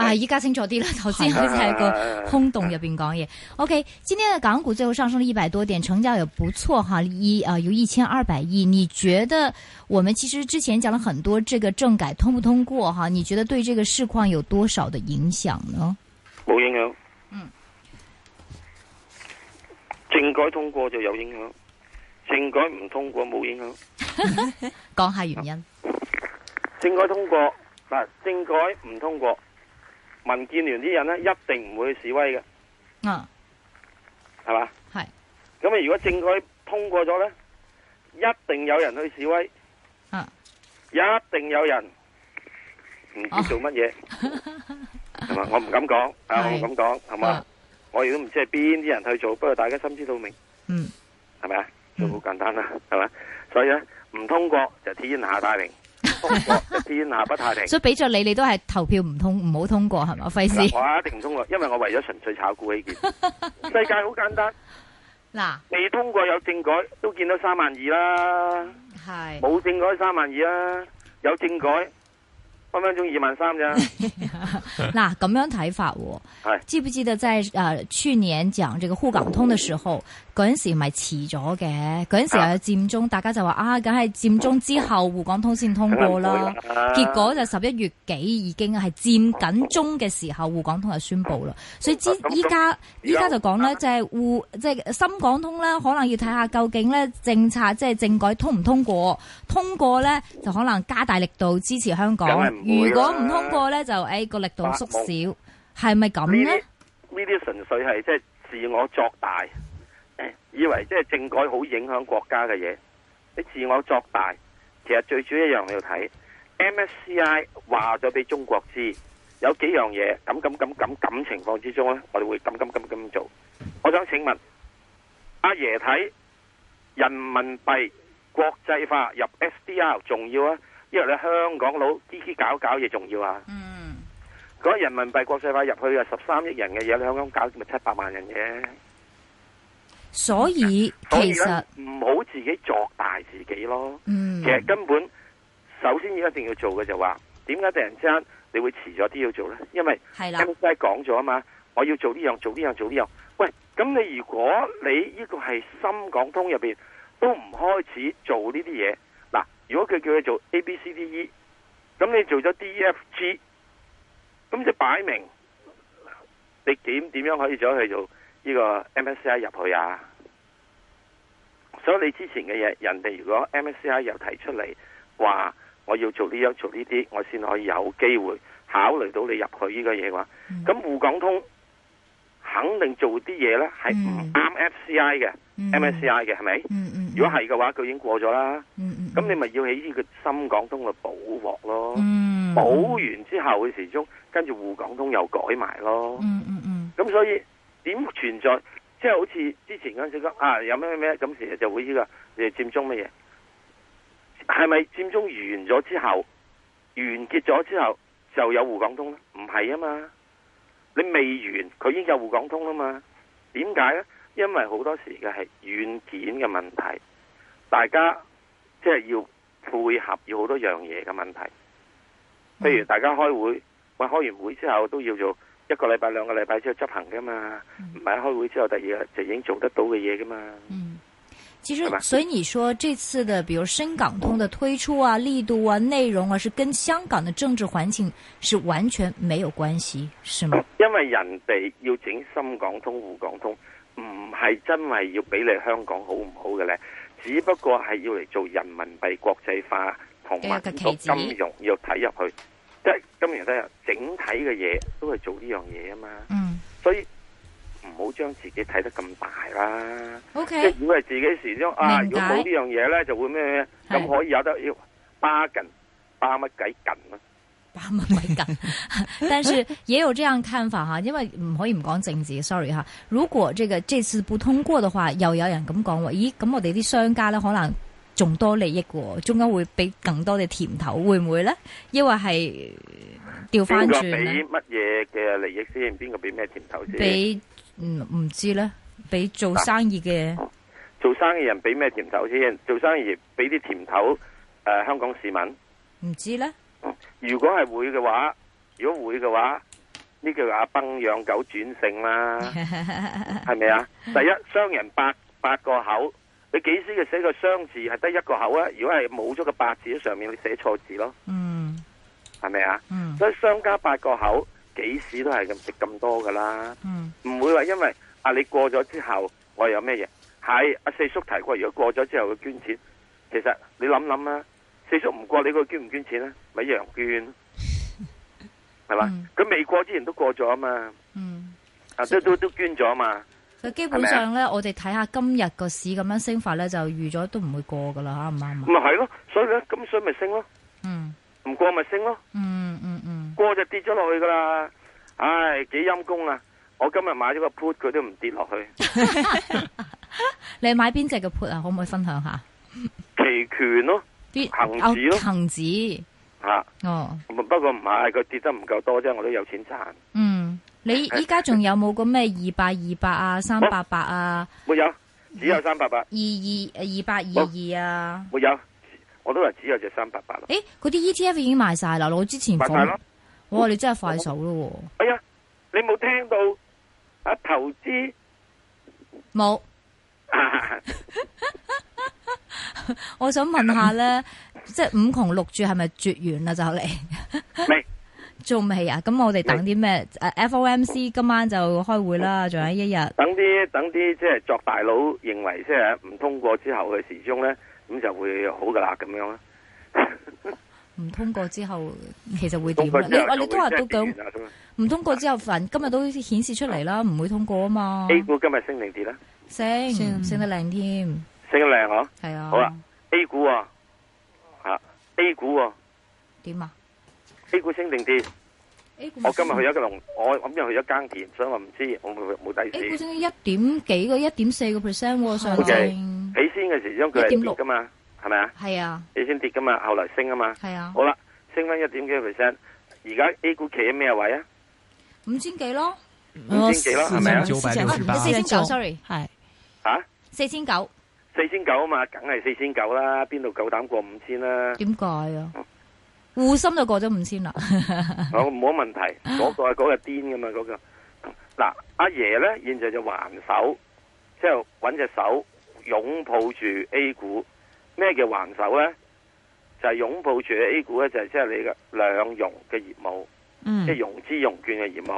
啊，依家清楚啲啦。頭先好似係個空洞入邊講嘢。啊啊啊、OK，今天的港股最後上升了一百多點，成交也不錯哈，一啊有一千二百億。你覺得我們其實之前講了很多，這個政改通不通過哈？你覺得對這個市況有多少的影響呢？冇影響。嗯。政改通過就有影響，政改唔通過冇影響。 講下原因。政改通過，嗱、啊，政改唔通過。民建聯啲人呢一定唔會去示威嘅，嗯、啊，係嘛，係，咁啊如果政改通過咗呢，一定有人去示威，啊、一定有人唔知做乜嘢，係、啊、嘛，我唔敢講，啊，我唔敢講，係嘛，我亦都唔知係邊啲人去做，不過大家心知肚明，嗯，係咪啊？就好簡單啦，係、嗯、嘛，所以呢，唔通過就天下大明。天下不太平， 所以俾咗你，你都係投票唔通，唔好通過係嘛？費事，我一定唔通過，因為我為咗純粹炒股起見。 世界好簡單，嗱，未通過有政改都見到三萬二啦，係冇政改三萬二啊，有政改，咁 樣分分鐘二萬三咋？嗱，咁樣睇法喎，係記唔記得在誒去年講這個滬港通嘅時候？Oh. 嗰陣時咪遲咗嘅，嗰陣時又係佔中、啊，大家就話啊，梗係佔中之後，滬港通先通過啦，啦。結果就十一月幾已經係佔緊中嘅時候，滬港通就宣布啦。所以之依家依家就講咧、啊，就係滬即係深港通咧，可能要睇下究竟咧政策即係、就是、政改通唔通過，通過咧就可能加大力度支持香港。如果唔通過咧，就誒個、哎、力度縮小，係咪咁呢？呢啲純粹係即係自我作大。以為即係政改好影響國家嘅嘢，你自我作大，其實最主要一樣，你要睇 MSCI 話咗俾中國知有幾樣嘢，咁咁咁咁咁情況之中咧，我哋會咁咁咁咁做。我想請問阿爺睇人民幣國際化入 SDR 重要啊？因為你香港佬啲啲搞搞嘢重要啊？嗯，嗰人民幣國際化入去啊十三億人嘅嘢，你香港搞咪七百萬人嘅。所以其實唔好自己作大自己咯、嗯。其實根本首先一定要做嘅就話，點解突然之間你會遲咗啲要做咧？因為 M 先生講咗啊嘛，我要做呢樣，做呢樣，做呢樣。喂，咁你如果你呢個係深港通入邊都唔開始做呢啲嘢，嗱，如果佢叫你做 ABCDE，咁你做 A、B、C、D、E，咁你做咗 D、E、F、G，咁就擺明你點點樣可以走去做？呢、這個 MSCI 入去啊，所以你之前嘅嘢，人哋如果 MSCI 又提出嚟話我要做呢樣，做呢啲，我先可以有機會考慮到你入去呢個嘢嘅話，咁、嗯、滬港通肯定做啲嘢呢，係唔啱 FCI 嘅 MSCI 嘅係咪？如果係嘅話，佢已經過咗啦。咁、嗯嗯、你咪要喺呢個深港通度補鑊咯，補、嗯、完之後佢始終，跟住滬港通又改埋咯。咁、嗯嗯嗯、所以。點存在，即係好似之前嗰陣時講啊，有咩咩咩咁，今時日就會呢、呢個你佔中乜嘢？係咪佔中完咗之後，完結咗之後就有滬港通呢？唔係啊嘛，你未完佢已經有滬港通啦嘛？點解呢？因為好多時嘅係軟件嘅問題，大家即係要配合要好多樣嘢嘅問題，譬如大家開會，喂開完會之後都要做。一個禮拜兩個禮拜之後執行噶嘛，嗯、唔係開會之後第二日就已經做得到嘅嘢噶嘛。嗯，其實所以你說這次的，比如深港通的推出啊、嗯、力度啊、內容啊，是跟香港的政治環境是完全沒有關係，是嗎？因為人哋要整深港通、滬港通，唔係真係要俾你香港好唔好嘅呢，只不過係要嚟做人民幣國際化同埋金融要睇入去。今日咧，整體嘅嘢都係做呢樣嘢啊嘛，嗯，所以唔好將自己睇得咁大啦。即係如果係自己時將啊，如果冇呢樣嘢咧，就會咩咁可以有得要巴緊巴乜鬼緊咯？巴乜鬼緊？巴近啊，巴近 但是也有這樣看法哈， 因為唔可以唔講政治，sorry 哈。如果這個這次不通過的話，又有人咁講話，咦？咁我哋啲商家咧，可能。仲多利益喎，中間會俾更多嘅甜頭，會唔會呢？因為係調翻轉啊！俾乜嘢嘅利益先？邊個俾咩甜頭先？俾唔唔知呢？俾、嗯、做生意嘅、啊啊，做生意人俾咩甜頭先？做生意人俾啲甜頭誒、啊，香港市民唔知呢、啊？如果係會嘅話，如果會嘅話，呢、這、叫、個、阿崩養狗轉性啦，係 咪啊？第一，商人八八個口。你幾時嘅寫個雙字係得一個口啊？如果係冇咗個八字喺上面，你寫錯字咯。嗯，係咪啊？嗯，所以商家八個口，幾時都係咁食咁多噶啦。嗯，唔會話因為啊，你過咗之後我有咩嘢？喺阿、啊、四叔提過，如果過咗之後佢捐錢，其實你諗諗啦，四叔唔過你佢捐唔捐錢啊？咪一樣捐，係、嗯、嘛？佢未過之前都過咗啊嘛。嗯，啊都都都捐咗嘛。基本上咧，我哋睇下今日個市咁樣升法咧，就預咗都唔會過噶啦，啱唔啱啊？咪係咯，所以咧咁所以咪升咯，嗯，唔過咪升咯，嗯嗯嗯，過就跌咗落去噶啦，唉，幾陰功啊！我今日買咗個 put，佢都唔跌落去， 你買邊隻嘅 put 啊？可唔可以分享下？期權咯、啊，恒指咯，恒指吓，哦，不過唔係，佢跌得唔夠多啫，我都有錢賺，嗯。你依家仲有冇個咩二八二八啊三八八啊？冇、啊、有，有，只有三八八？二二誒，二八二二啊？冇有，我都係只有隻三八八。啦。誒，嗰啲 ETF 已經賣晒啦，我之前放。哇，咯！你真係快手咯！哎呀，你冇聽到啊？投資冇。 我想問下咧，即 係五窮六絕係咪絕緣啦？就嚟未 仲未啊！咁我哋等啲咩？誒，FOMC 今晚就開會啦，仲、嗯、有一日。等啲等啲，即係作大佬認為，即係唔通過之後嘅時鐘咧，咁就會好噶啦，咁樣、啊。唔 通過之後，其實會點咧、啊？你我哋都話都講，唔通過之後份、啊啊、今日都顯示出嚟啦，唔、啊、會通過啊嘛。A 股今日升定跌啦升升得靚添，升得靚嗬、啊。係啊，啊。好啦，A 股啊，吓 A 股啊？點啊？A 股升定跌？我今日去咗個龍，我咁樣去咗耕田，所以我唔知，我冇冇底子。A 股升一點幾個，一點四個 percent 喎，上邊起先嘅時，因佢係跌噶嘛，係咪啊？係啊。起先跌噶嘛，後來升啊嘛。係啊。好啦，升返一點幾個 percent，而家 A 股企喺咩位啊？五千幾咯，五千幾咯，係咪啊？四千九，sorry，係。啊？四千九？四千九啊嘛，梗係四千九啦，邊度夠膽過五千啦？點解啊？滬深就過咗五千啦，冇 冇問題。嗰、那個係嗰、那個癲噶嘛，嗰、那個。嗱、啊，阿爺呢，現在就還手，即係揾隻手擁抱住 A 股。咩叫還手呢？就係、是、擁抱住 A 股呢就係即係你嘅兩融嘅業務，即、嗯、係、就是、融資融券嘅業務，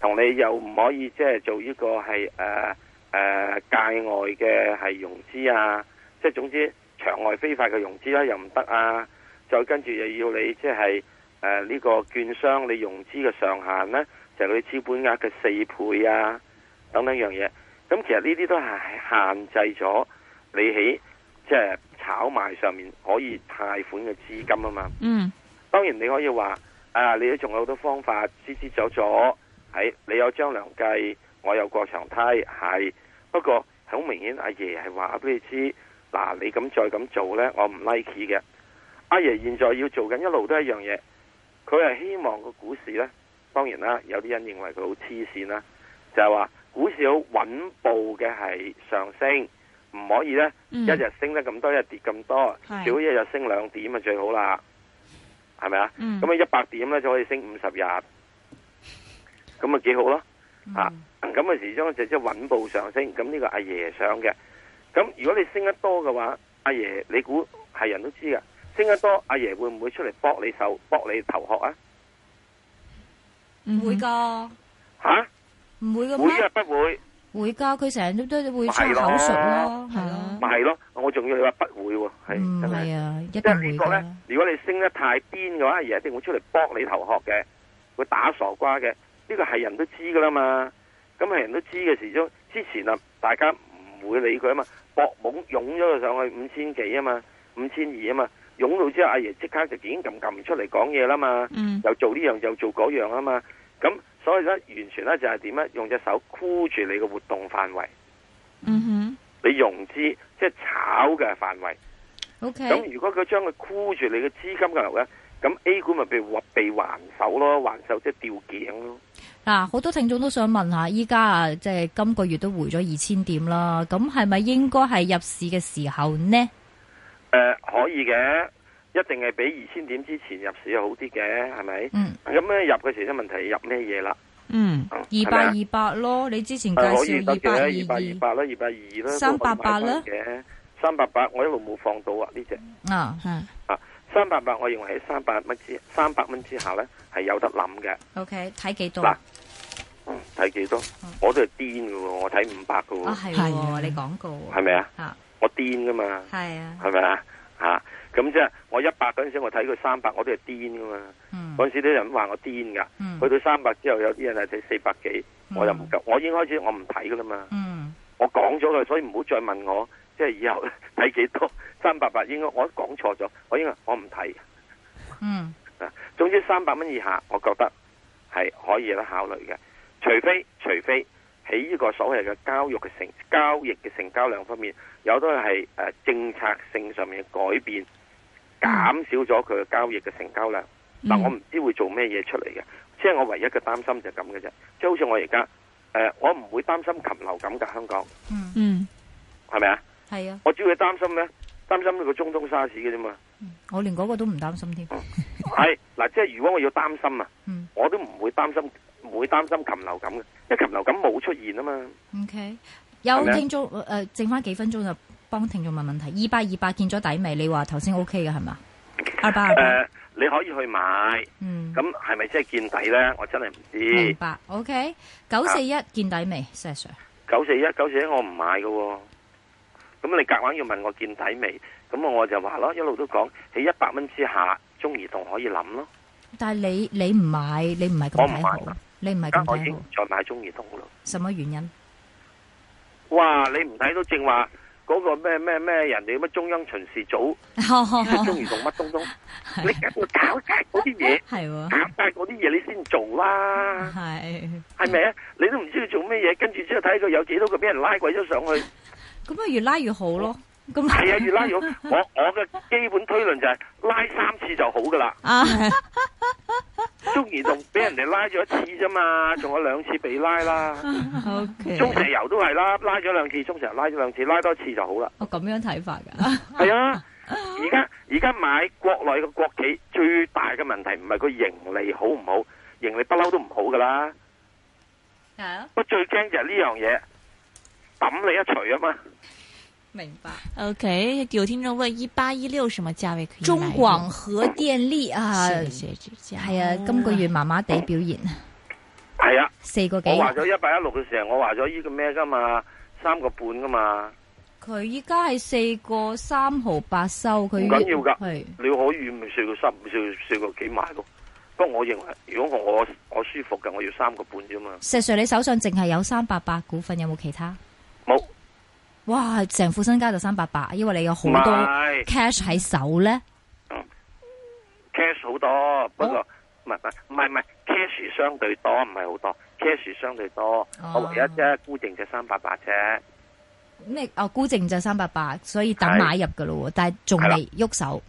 同、嗯、你又唔可以即係、就是、做呢個係誒誒界外嘅係融資啊，即、就、係、是、總之場外非法嘅融資咧又唔得啊。再跟住又要你即係誒呢個券商你融資嘅上限呢，就係、是、你資本額嘅四倍啊等等樣嘢。咁其實呢啲都係限制咗你喺即係炒賣上面可以貸款嘅資金啊嘛。嗯，當然你可以話啊，你仲有好多方法支支走咗，係你有張良計，我有過牆梯，係不過好明顯阿爺係話俾你知，嗱你咁再咁做呢，我唔 like 嘅。阿爺現在要做緊一路都係一樣嘢，佢係希望個股市呢。當然啦，有啲人認為佢好黐線啦，就係、是、話股市好穩步嘅係上升，唔可以呢。嗯、一日升得咁多，一日跌咁多，少一日升兩點咪最好啦，係咪啊？咁啊一百點呢就可以升五十日，咁咪幾好咯，咁、嗯、啊始終就即係穩步上升，咁呢個阿爺想嘅，咁如果你升得多嘅話，阿爺你估係人都知噶。升得多，阿爺會唔會出嚟搏你手、搏你頭殼啊？唔會噶吓，唔會噶會啊，不會。會噶，佢成日都都會出口術，咯，係咯。咪係、啊啊、咯，我仲要佢話不會喎，係真係。是啊，是是一咧，如果你升得太癲嘅話，阿爺一定會出嚟搏你頭殼嘅，會打傻瓜嘅。呢、這個係人都知噶啦嘛，咁係人都知嘅事都之前啊，大家唔會理佢啊嘛，搏懵湧咗上去五千幾啊嘛，五千二啊嘛。湧到之後，阿爺即刻就已經撳撳出嚟講嘢啦嘛，嗯，又做呢樣又做嗰樣啊嘛，咁所以咧完全咧就係點咧，用隻手箍住你個活動範圍，嗯哼，你融資即係炒嘅範圍，OK，咁如果佢將佢箍住你嘅資金嘅流咧，咁 A 股咪被挖被還手咯，還手即係吊頸咯。嗱，好多聽眾都想問下，依家啊，即係今個月都回咗二千點啦，咁係咪應該係入市嘅時候呢？誒、呃，可以嘅，一定係比二千點之前入市好啲嘅，係咪？嗯。咁咧入嘅時，呢問題入咩嘢啦？嗯，二百二百咯，你之前介紹二百二可以得嘅。二百二百啦，二百二二啦。三八八啦。三八八，我一路冇放到啊呢隻、這個。啊，嗯、啊，三八八，我認為喺三百蚊之三百蚊之下咧，係有得諗嘅。O K，睇幾多？嗱，睇幾多、啊？我都係癲嘅喎，我睇五百嘅喎。啊，係喎、哦，你講過。係咪啊？啊。我癲噶嘛係啊，係咪啊？吓，咁即係我一百嗰陣時，我睇佢三百，我都係癲噶嘛嗰、嗯、陣時啲人話我癲噶、嗯，去到三百之後，有啲人係睇四百幾，我又唔夠。我已經開始我唔睇噶啦嘛。嗯、我講咗佢，所以唔好再問我，即、就、係、是、以後睇幾多三百八應該，我講錯咗，我應該我唔睇。嗯，總之三百蚊以下，我覺得係可以有得考慮嘅，除非除非。喺呢個所謂嘅交易嘅成交易嘅成交量方面，有都係誒政策性上面嘅改變，減少咗佢嘅交易嘅成交量。嗱，我唔知會做咩嘢出嚟嘅，即、嗯、係、就是、我唯一嘅擔心就咁嘅啫。即、就、係、是、好似我而家誒，我唔會擔心禽流感噶香港，嗯嗯，係咪啊？係啊，我只會擔心咧，擔心佢個中東沙士嘅啫嘛。我連嗰個都唔擔心添。係、嗯、嗱， 即係如果我要擔心啊、嗯，我都唔會擔心。會擔心禽流感嘅，因為禽流感冇出現啊嘛。O、okay. K，有聽眾誒、呃，剩翻幾分鐘就幫聽眾問問題。二百二百見咗底未？你話頭先 O K 嘅係嘛？二百二。誒、uh, uh,，你可以去買。嗯。咁係咪真係見底咧？我真係唔知。二百 O K，九四一見底未，Sir？九四一，九四一我唔買嘅、哦。咁你夾硬要問我見底未？咁我我就話咯，一路都講喺一百蚊之下，中移動可以諗咯。但係你你唔買，你唔係咁睇你唔係咁睇喎，我已經唔再買中移動咯。什麼原因？哇！你唔睇到正話嗰個咩咩咩人哋乜中央巡視組， 中移動乜東東， 你搞晒嗰啲嘢。係喎，搞晒嗰啲嘢，你先做啦。係係咪啊？ 是吧 你都唔知佢做咩嘢，跟住之後睇佢有幾多個俾人拉鬼咗上去。咁啊，越拉越好咯。 係啊，越 拉越好，我我嘅基本推論就係、是、拉三次就好噶啦。啊，中移動俾人哋拉咗一次啫嘛，仲有兩次被拉啦。Okay. 中石油都係啦，拉咗兩次，中石油拉咗兩次，拉多一次就好啦。我咁樣睇法噶，係 啊。而家而家買國內嘅國企最大嘅問題唔係個盈利好唔好，盈利不嬲，都唔好噶啦。係啊，我最驚就係呢樣嘢，抌你一錘啊嘛。明白。OK，有聽眾問一八一六什麼價位可以中廣核電力啊，謝係啊，今個月麻麻地表現啊，係、哎、啊，四個幾個。我話咗一八一六嘅時候，我話咗依個咩噶嘛，三個半噶嘛。佢依家係四個三毫八收，佢唔緊要噶，係你可以咪四個三，五、四個四個幾買咯。不過我認為，如果我我舒服嘅，我要三個半啫嘛。石 Sir，你手上淨係有三八八股份，有冇其他？哇！成副身家就三八八，因為你有好多 cash 喺手咧。嗯、cash 好多，不過唔係唔係唔係唔係 cash 相對多，唔係好多 cash 相對多，哦、我唯一啫，沽淨就三八八啫。咩？你哦沽淨就三八八，所以等買入噶咯，但係仲未喐手。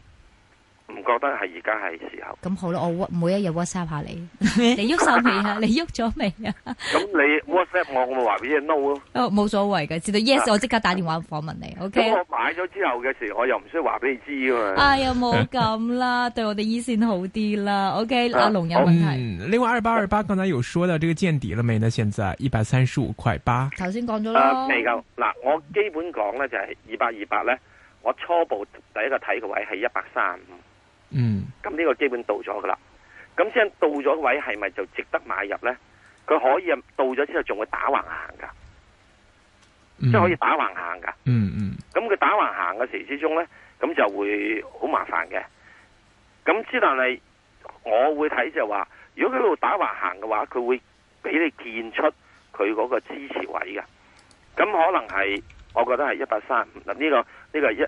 唔覺得係而家係時候。咁好啦，我每一日 WhatsApp 一下你， 你喐手未、 哦 yes, 啊？你喐咗未啊？咁你 WhatsApp 我，我咪話俾你 no 咯。哦，冇所謂嘅，直到 yes 我即刻打電話訪問你、啊、，OK？我買咗之後嘅時，我又唔需要話俾你知啊嘛。哎呀，冇咁啦、啊，對我哋依先好啲啦，OK？、啊、阿龍有問題。另外二八二八，剛才有說到呢個見底啦未呢？現在一百三十五塊八。頭先講咗咯。未夠嗱，我基本講咧就係二百二百咧，我初步第一個睇嘅位係一百三。嗯，咁呢個基本到咗噶啦，咁先到咗位係咪就值得買入呢？佢可以到咗之後仲會打橫行噶，即係、嗯、可以打橫行噶。咁佢打橫行嘅時之中呢，咁就會好麻煩嘅。咁之但係我會睇就話、是，如果喺度打橫行嘅話，佢會俾你見出佢嗰個支持位嘅。咁可能係，我覺得係、這個這個、一百三五。嗱呢個呢個一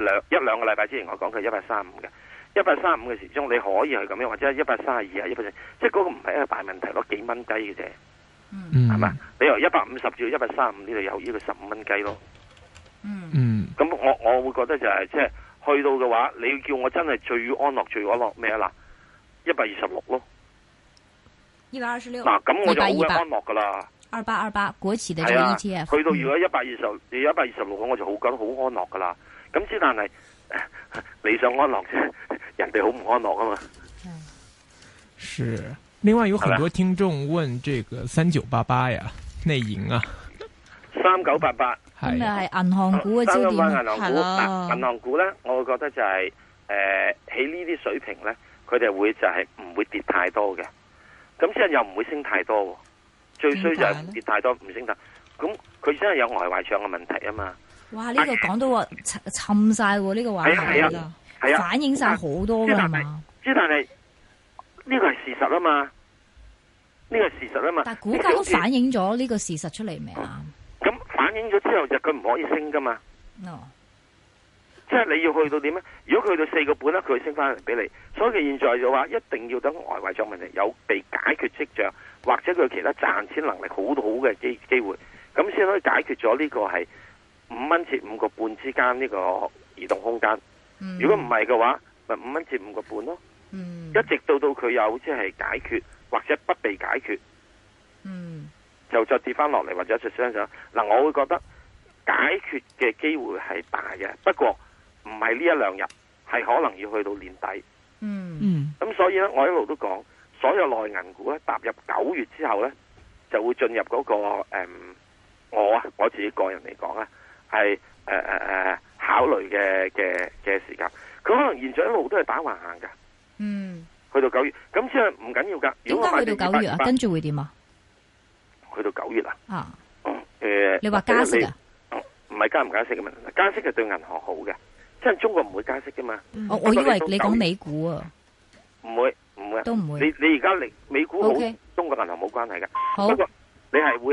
兩一兩個禮拜之前我講佢一百三五嘅。一百三十五嘅時鐘你可以係咁樣，或者一百三十二啊，一百四，即係嗰個唔係一個大問題，攞幾蚊雞嘅啫，係、嗯、嘛？你由一百五十至到一百三十五呢度有呢個十五蚊雞咯。咁、嗯嗯、我我會覺得就係即係去到嘅話，你要叫我真係最安樂最安樂咩啊嗱？一百二十六咯，一百二十六，嗱咁我就好安樂噶啦。二八二八，國企嘅呢個 ETF、啊、去到如果一百二十，如果一百二十六，我就好緊好安樂噶啦。咁、嗯、先但係理 想安樂啫。人哋好唔安樂啊嘛，嗯，是。另外，有很多聽眾問這個三九八八呀，內銀啊，三九八八係銀、啊、行股嘅焦點係啊，銀行股咧，我會覺得就係誒喺呢啲水平咧，佢哋會就係唔會跌太多嘅。咁即係又唔會升太多，最衰就係唔跌太多唔升得。咁佢真係有外圍上嘅問題啊嘛。哇！呢、這個講到話、啊、沉晒呢、這個話題啊。啊、反映晒好多噶嘛？之但係呢個係事實啊嘛，呢、這個係事實啊嘛。但股價都反映咗呢個事實出嚟未？咁反映咗之後就佢唔可以升噶嘛？哦、即係你要去到點咧？如果去到四個半咧，佢會升翻嚟俾你。所以佢現在嘅話一定要等外圍作問題有被解決跡象，或者佢其他賺錢能力很好好嘅機機會，咁先可以解決咗呢個係五蚊至五個半之間呢個移動空間。如果唔係嘅話，咪五蚊至五個半咯，嗯，一直，直到到佢有即係解決或者不被解決，嗯，就再跌翻落嚟或者出箱上。嗱，我會覺得解決嘅機會係大嘅，不過唔係呢一兩日，係可能要去到年底。嗯，咁、嗯、所以呢，我一路都講，所有內銀股咧踏入九月之後呢，就會進入嗰、嗰個誒、嗯，我啊我自己個人嚟講咧，係誒誒誒。呃呃考慮嘅嘅嘅時間，佢可能現在一路都係打橫行噶。嗯，去到九月，咁即係唔緊要噶。點解去到九月啊？跟住會點啊？去到九月啊？啊，誒、嗯呃，你話加息啊？唔、嗯、係加唔加息嘅問題，加息係對銀行好嘅，即、就、為、是、中國唔會加息噶嘛。我、嗯哦、我以為你講美股啊？唔會，唔會，都唔會。你你而家你美股好，okay、中國銀行冇關係噶。好，你係會係。